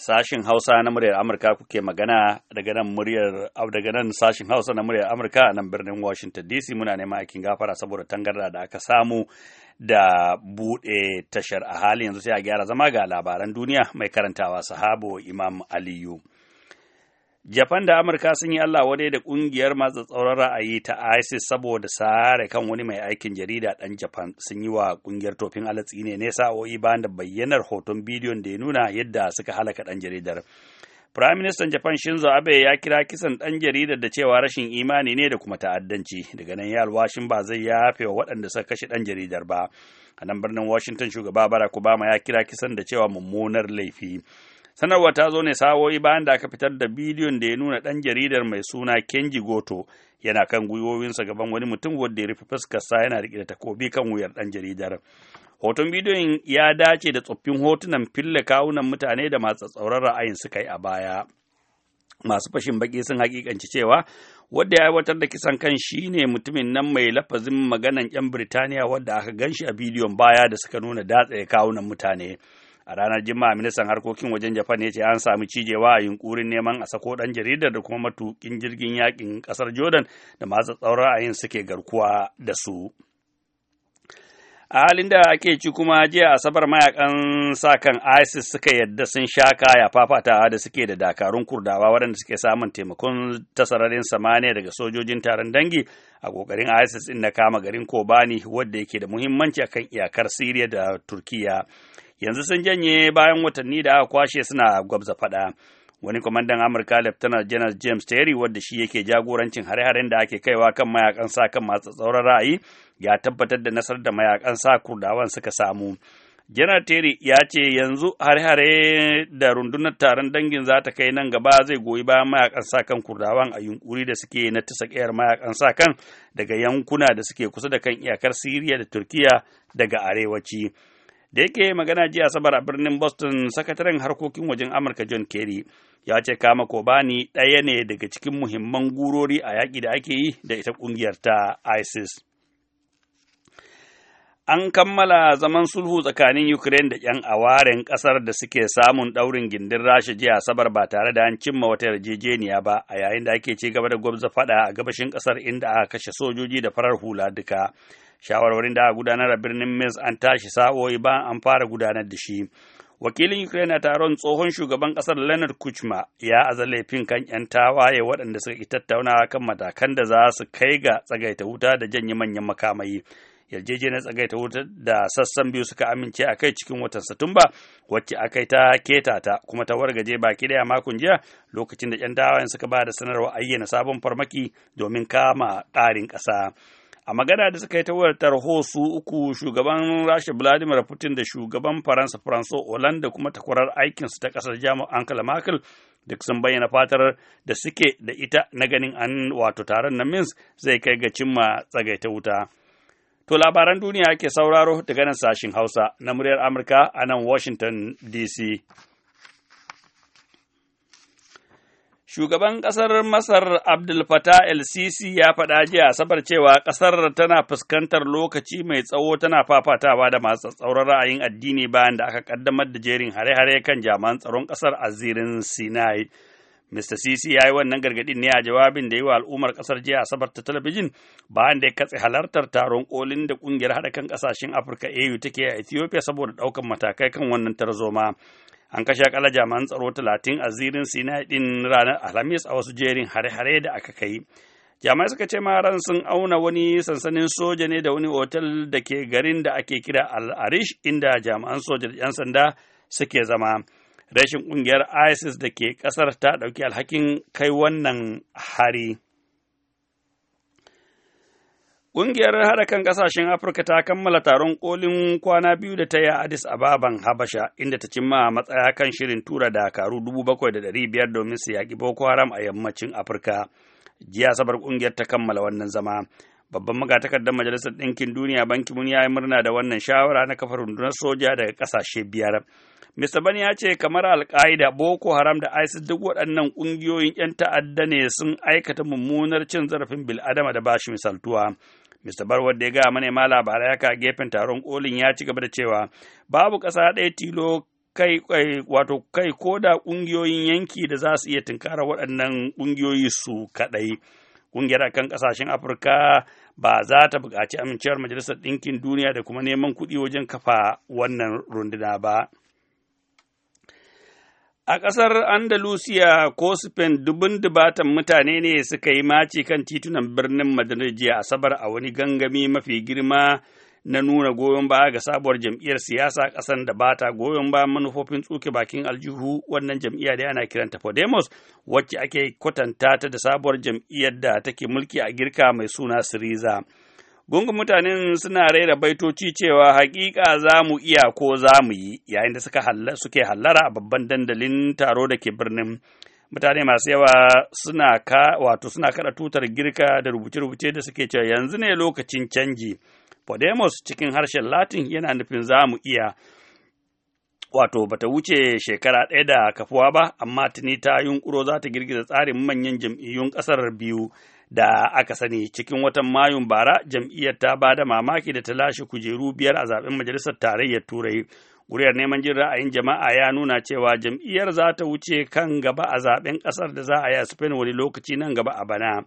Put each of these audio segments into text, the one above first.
Sashin Hausa na muryar Amurka kuke magana daga nan muryar daga nan sashin Hausa na muryar Amurka a nan birnin Washington DC muna neman aikin gafara saboda tangarda da aka samu da bude tashar a hali yanzu sai a gyara zama ga labaran duniya mai karantawa sahabo Imam Aliyu. Japan da Amurka sun yi Allah wadai da ƙungiyar masu tsoron ra'ayi ta ISIS saboda sare kan wani mai aikin jarida ɗan Japan sun yi wa ƙungiyar tofin alatsi ne ne sa'o'i bayan da bayyanar hoton bidiyon da ya nuna yadda suka halaka ɗan jaridar. Prime Minister Japan Shinzo Abe ya kira kisan ɗan jaridar da cewa rashin imani ne da kuma ta'addanci daga nan ya alwashin ba zai yafe wa waɗanda suka kashe ɗan jaridar ba. A nan birnin Washington shugaba Barack Obama ya kira kisan da cewa mummunar laifi. Sanarwar ta zo ne sawoyi bayan da aka fitar da bidiyon da ya nuna ɗan jaridar mai suna Kenji Goto yana kan gwiwowinsa gaban wani mutum wanda ya rufe fuskarsa yana riƙe da takobi kan wuyar ɗan jaridar. Hoton bidiyon ya dace da tsoffin hotunan fille kawunan mutane da masu tsauran ra'ayin suka yi a baya. masu fashin baƙi sun hakikanci cewa wadda ya aiwatar da kisan kan shi ne mutumin nan mai lafazin maganan 'yan Birtaniya wadda aka gan shi a bidiyon baya da suka nuna datse kawunan mutane. a ranar jima'a ministan harkokin wajen japan ya ce an sami cijewa a yunkurin neman a sako dan jaridar da kuma matukin jirgin yakin kasar jordan da masu a ra'ayin suke garkuwa da su a halin da ake ci kuma jiya asabar mayakan sa kan isis suka yadda sun sha kaya fafatawa da suke da dakarun kurdawa waɗanda suke samun taimakon tasararin samaniya daga sojojin taron dangi a ƙoƙarin isis ɗin na kama garin kobani wadda yake da muhimmanci akan iyakar siriya da turkiya yanzu sun janye bayan watanni da aka kwashe suna gwabza faɗa. Wani kwamandan Amurka Lieutenant General James Terry wadda shi yake jagorancin hare-haren da ake kaiwa kan mayakan sa kan masu tsauran ra'ayi ya tabbatar da nasarar da mayakan sa kurdawan suka samu. janar terry ya ce yanzu hare-hare da rundunar taron dangin za ta kai nan gaba zai goyi bayan mayakan kan kurdawan a yunkuri da suke na tisa kayar mayakan kan daga yankuna da suke kusa da kan iyakar siriya da turkiya daga arewaci da yake magana jiya asabar a birnin boston sakataren harkokin wajen amurka john kerry ya ce kama kobani ɗaya ne daga cikin muhimman gurori a yaƙi da ake yi da ita ƙungiyar ta isis an kammala zaman sulhu tsakanin ukraine da 'yan awaren ƙasar da suke samun ɗaurin gindin rasha jiya sabar ba tare da an cimma wata yarjejeniya ba a yayin da ake ci gaba da gwamza faɗa a gabashin ƙasar inda aka kashe sojoji da farar hula duka shawarwarin da aka gudanar a birnin minsk an tashi sa'o'i bayan an fara gudanar da shi wakilin ukraine a taron tsohon shugaban kasar leonard kuchma ya aza laifin kan 'yan tawaye waɗanda suka ki tattauna kan matakan da za su kai ga tsagaita wuta da janye manyan makamai yarjejeniyar tsagaita wuta da sassan biyu suka amince a kai cikin watan satumba wacce aka yi ta keta ta kuma ta wargaje baki daya makon jiya lokacin da 'yan tawayen suka ba da sanarwa ayyana sabon farmaki domin kama ƙarin ƙasa. a magana da suka yi ta wayar su uku shugaban rasha vladimir putin da shugaban faransa franco hollande kuma takwarar aikinsu ta kasar jamus angela merkel duk sun bayyana fatar da suke da ita na ganin an wato taron na minsk zai kai ga cimma tsagaita wuta to labaran duniya ake sauraro daga nan sashin hausa na muryar amurka a nan washington dc Shugaban ƙasar Masar Abdul Fattah el-Sisi ya faɗa jiya Asabar cewa ƙasar tana fuskantar lokaci mai tsawo tana fafatawa da masu tsauran ra'ayin addini bayan da aka ƙaddamar da jerin hare-hare kan jami'an tsaron ƙasar a zirin Sinai. Mr. Sisi ya yi wannan gargaɗin ne a jawabin da yi wa al'ummar ƙasar jiya Asabar ta talabijin bayan da ya katse halartar taron kolin da ƙungiyar haɗa kan ƙasashen Afirka AU take a Ethiopia saboda ɗaukan matakai kan wannan tarzoma. an kashe akalla jami'an tsaro talatin a zirin sinai din ranar alhamis a wasu jerin hare-hare da aka kai jami'ai suka ce ran sun auna wani sansanin soja ne da wani otal da ke garin da ake kira al-arish inda jami'an soja da 'yan sanda suke zama rashin kungiyar isis da ke kasar ta ɗauki alhakin kai wannan hari. Ƙungiyar kan ƙasashen Afirka ta kammala taron ƙolin kwana biyu da ta yi a Addis Ababan Habasha, inda ta cimma matsaya kan shirin tura dakaru dubu bakwai da ɗari biyar domin su yaƙi Boko Haram a yammacin Afirka. Jiya sabar ƙungiyar ta kammala wannan zama. Babban magatakardar Majalisar Ɗinkin Duniya Banki Mun ya yi murna da wannan shawara na kafa rundunar soja daga ƙasashe biyar. Mr. Bani ya ce kamar Al-Qaida, Boko Haram da ISIS duk waɗannan ƙungiyoyin 'yan ta'adda ne sun aikata mummunar cin zarafin bil'adama da bashi misaltuwa. Mr. Barwar da ya gaya manema labarai haka gefen taron kolin ya ci gaba da cewa babu ƙasa ɗaya tilo kai wato kai ko da ƙungiyoyin yanki da za su iya tunkara waɗannan ƙungiyoyi su kaɗai. Ƙungiyar akan ƙasashen Afirka ba za ta buƙaci amincewar Majalisar Ɗinkin Duniya da kuma neman kuɗi wajen kafa wannan runduna ba. A ƙasar Andalusiya ko Spain dubun dubatan mutane ne suka yi mace kan titunan birnin Madrid jiya Asabar a wani gangami mafi girma na nuna goyon baya ga sabuwar jam'iyyar siyasa ƙasar da bata goyon baya manufofin tsuke bakin aljihu wannan jam'iyya da ana kiranta Podemos wacce ake kwatanta ta da sabuwar jam'iyyar da take mulki a girka mai suna Siriza. Gungun mutanen suna raira baitoci cewa hakika za mu iya ko za mu yi yayin da suka suke hallara a babban dandalin taro da ke birnin. Mutane masu yawa suna ka wato suna kada tutar girka da rubuce-rubuce da suke cewa yanzu ne lokacin canji. Podemos cikin harshen Latin yana nufin za mu iya. wato bata wuce shekara ɗaya da kafuwa ba amma tuni ta yunkuro za ta girgiza tsarin manyan jam'iyyun ƙasar biyu da aka sani cikin watan mayun bara jam'iyyar ta ba da mamaki da ta lashe kujeru biyar a zaben majalisar tarayyar turai Wuriyar neman jin ra'ayin jama'a ya nuna cewa jam'iyyar za ta wuce kan gaba a zaben ƙasar da za a yi a Spain wani lokaci nan gaba a bana.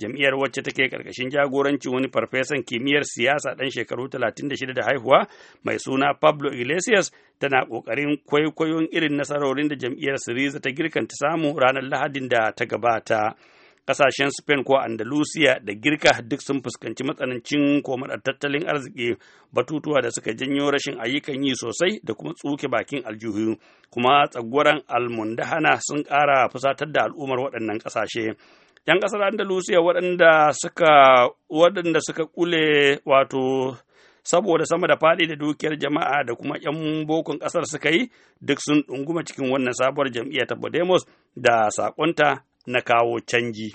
Jam'iyyar wacce take ƙarƙashin jagorancin wani farfesan kimiyyar siyasa ɗan shekaru 36 da haihuwa mai suna Pablo Iglesias tana ƙoƙarin kwaikwayon irin nasarorin da jam'iyyar Siriza ta girkanta samu ranar Lahadin da ta gabata. kasashen spain ko andalusiya da girka duk sun fuskanci matsanancin komadar tattalin arziki batutuwa da suka janyo rashin ayyukan yi sosai da kuma tsuke bakin aljihu kuma tsagwaran almundahana sun kara fusatar da al'ummar waɗannan kasashe. 'yan ƙasar andalusiya waɗanda suka waɗanda kule wato saboda sama da faɗi da dukiyar jama'a da kuma 'yan bokon ƙasar suka yi duk sun ɗunguma cikin wannan sabuwar jam'iyyar ta da sakonta na kawo canji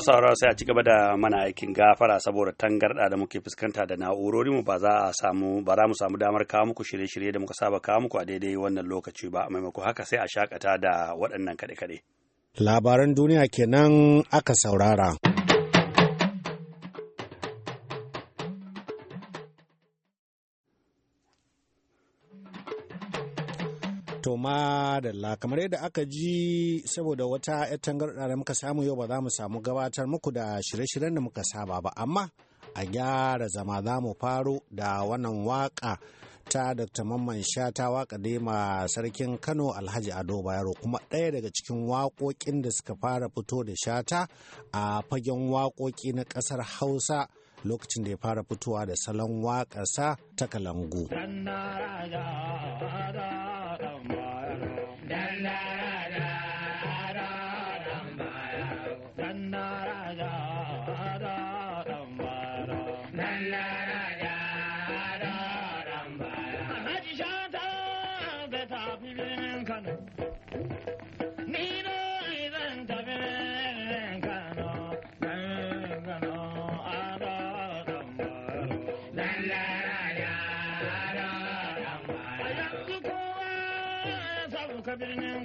masu sauraro sai a ci gaba da mana aikin gafara saboda tangarɗa da muke fuskanta da na'urori mu ba za a samu ba za mu samu damar kawo muku shirye-shirye da muka saba kawo muku a daidai wannan lokaci ba maimako haka sai a shakata da waɗannan kaɗe-kaɗe. Labaran duniya kenan aka saurara. To madalla kamar yadda aka ji saboda wata 'yar tangarɗa da muka samu yau ba za mu samu gabatar muku da shirye-shiryen da muka saba ba amma a gyara zama za mu faro da wannan waka ta Dr. Mamman Shata waka ma sarkin Kano Alhaji Ado Bayero kuma ɗaya daga cikin waƙoƙin da suka fara fito da Shata a fagen waƙoƙi na ƙasar Hausa lokacin da ya fara fitowa da salon waƙarsa ta kalangu.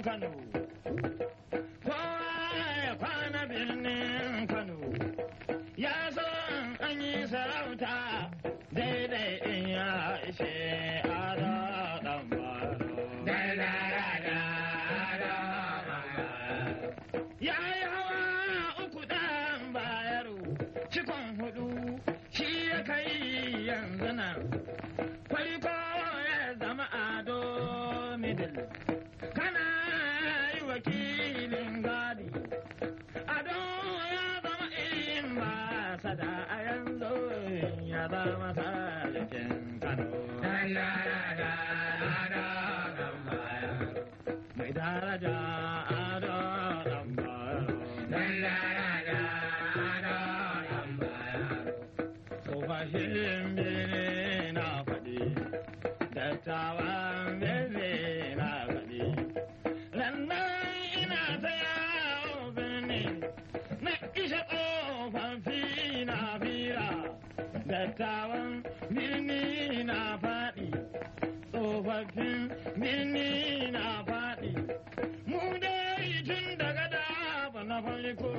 Sanu. dattawan mini na faɗi tsofaffin mini na faɗi mu dai tun daga da na farko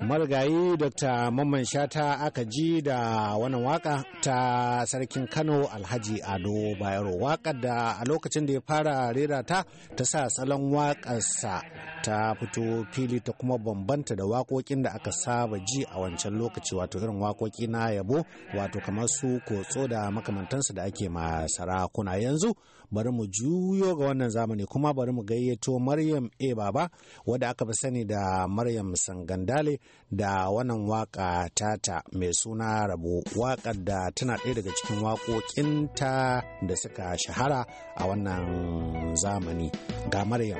marigayi dr mamman shata aka ji da wannan waka ta sarkin kano alhaji ado bayero wakar da a lokacin da ya fara rera ta ta sa salon wakarsa ta fito fili ta kuma bambanta da wakokin da aka saba ji a wancan lokaci wato irin wakoki na yabo wato kamar su kotso da makamantansu da ake ma sarakuna yanzu bari mu juyo ga wannan zamani kuma bari mu gayyato maryam a baba wadda aka fi sani da maryam sangandale da wannan waka tata mai suna rabo wakar da tana ɗaya daga cikin waƙoƙinta da suka shahara a wannan zamani ga maryam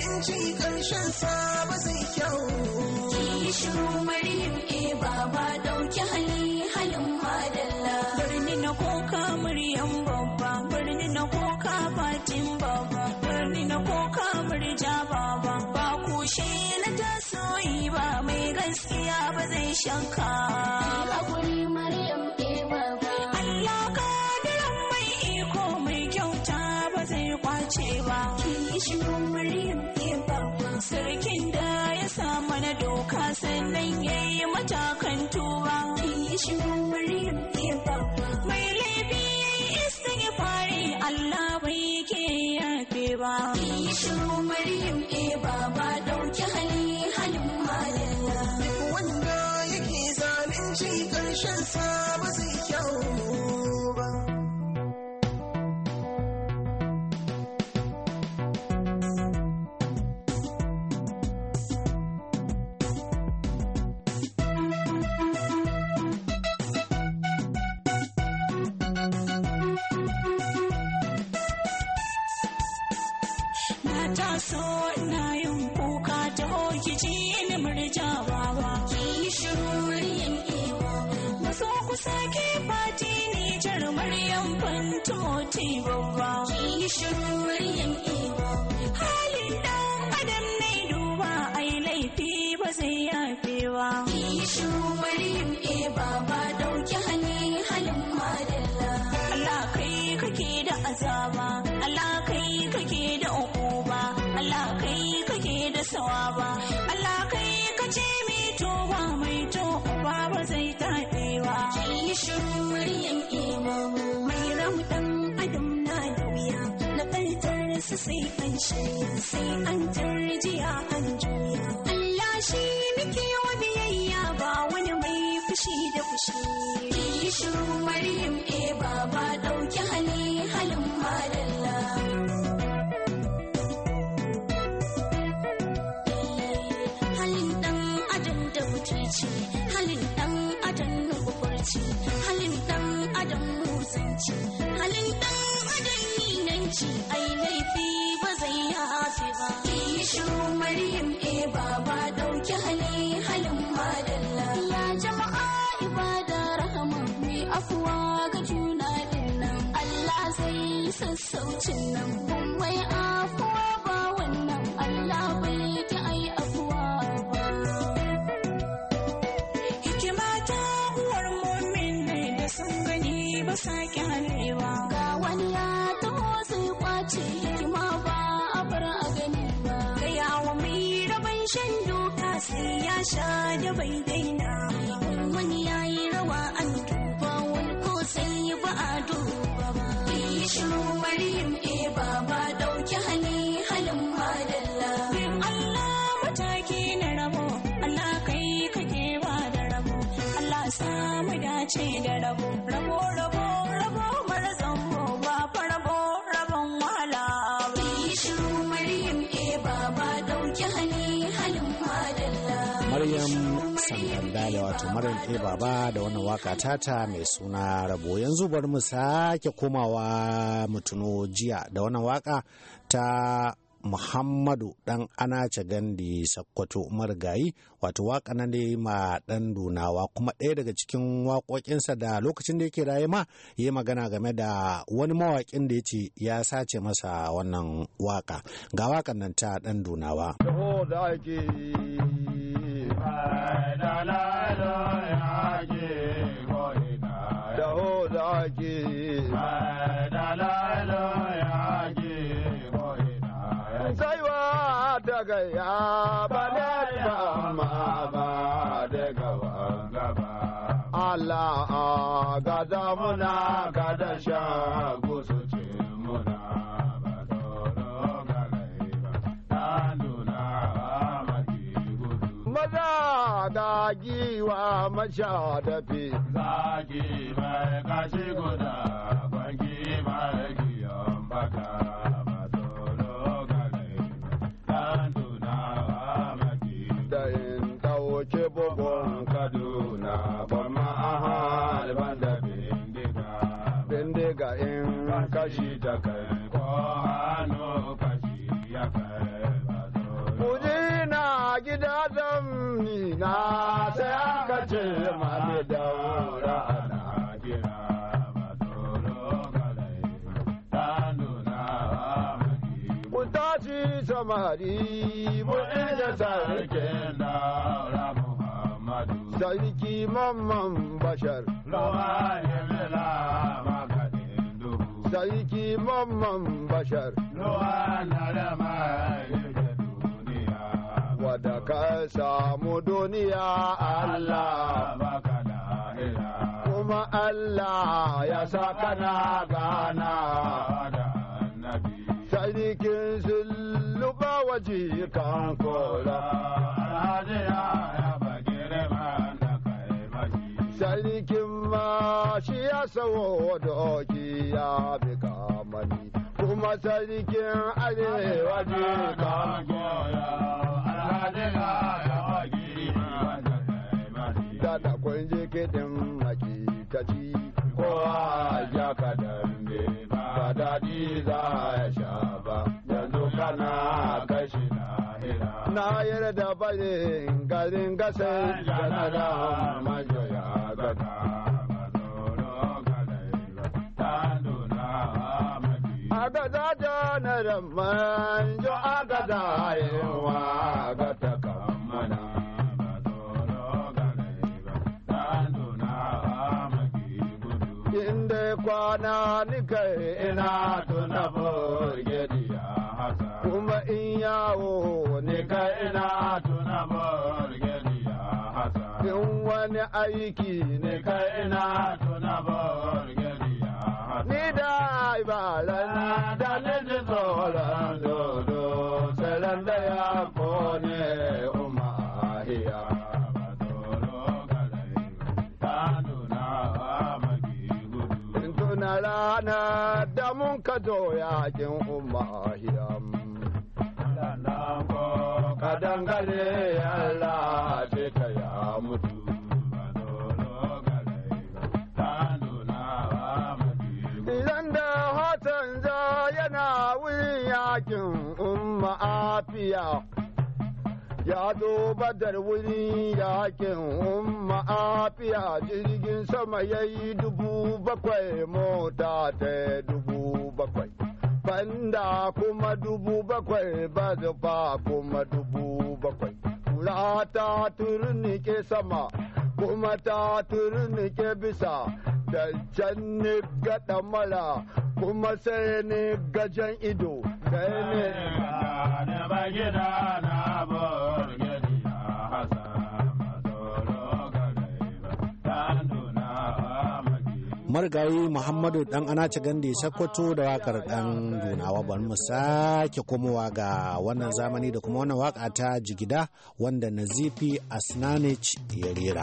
abinci ƙarshen sa ba zai kyau. Ki shiru Maryam e baba ɗauki hali halin madalla. Birni na koka Maryam babba, birni na koka Fatim babba, birni na koka Murja baba. Ba kushe na tasoyi ba mai gaskiya ba zai shanka. Ta so ina yin kuka ta ogiji ni murja baba ki shiru yin Ba maso ku sake fati ni jar maryam fantoti babba ki shiru yin ewa halin dan adam ne duba ai laifi ba zai yafe ba ki shiru maryam ba baba dauki hannun halin madalla Allah kai kake da azaba su sai an shanya sai an tarjiya an juya Allah shi muke wa biyayya ba wani mai fushi da fushi yi shiru maryam e baba dauki hali halin madalla halin dan adam da mutunci halin dan adam nukurci halin dan adam musanci halin dan adam ninanci ai ɗauki hali halin madalla ya jama'a ibada rahama mai afuwa ga juna dinnan Allah zai sassaucin nan kun mai afuwa wato Eba ba baba da wannan waka tata mai suna rabo yanzu bari mu sake komawa mutuno jiya da wannan waka ta muhammadu dan anace gandi sakkwato marigayi wato waka na ne ma dan dunawa kuma ɗaya daga cikin waƙoƙinsa da lokacin da yake raye ma ya magana game da wani mawakin da ya ce ya sace masa wannan waka ga wakan nan ta dan dunawa Allah gada muna ga ce muna ba doro ga laiba ta nuna maki gudu. Maza ga giwa masha dafi. Zagi mai kashi guda, kwangi mai Allah ya sa kana gana da annabi sarkin sulluba waje kan kola alhaji ya bagire ba na kai maji sarkin ma shi ya sawo doki ya bi kamani kuma sarkin arewa je kan kola alhaji ya bagire ba na kai maji da da kun je kowa jaka ka dambe ba daɗi za ya sha ba yanzu kana kashi na hira. Na yara da bari garin gasa yana da majoya zata. Agada da na ramman jo agada yawa agata kamana. ne ni kai ina tuna burgedi hasa kuma in yawo kai ina tuna burgedi hasa in wani aiki ni kai ina tuna burgedi hasa ni da ibara da ni ji tsoron dodo tsaron da ya kone ana da mun ka doya kin umma hiyam ka dangare Allah ce ka ya mutu idan da hatan za yana wuyan yakin umma afiya ya zo badar wuri yakin umma afiya jirgin sama ya yi dubu bakwai mota ta dubu bakwai banda kuma dubu bakwai ba bazufa kuma dubu bakwai kula ta turnike sama kuma ta turnike bisa da can ni gaɗa mala kuma sai ni gajen ido da ne na bagida na marigayi muhammadu dan anace gandi sakwato da wakar dan dunawa bari mu sake komowa ga wannan zamani da kuma wannan waka ta jigida wanda nazifi asnanich ya rera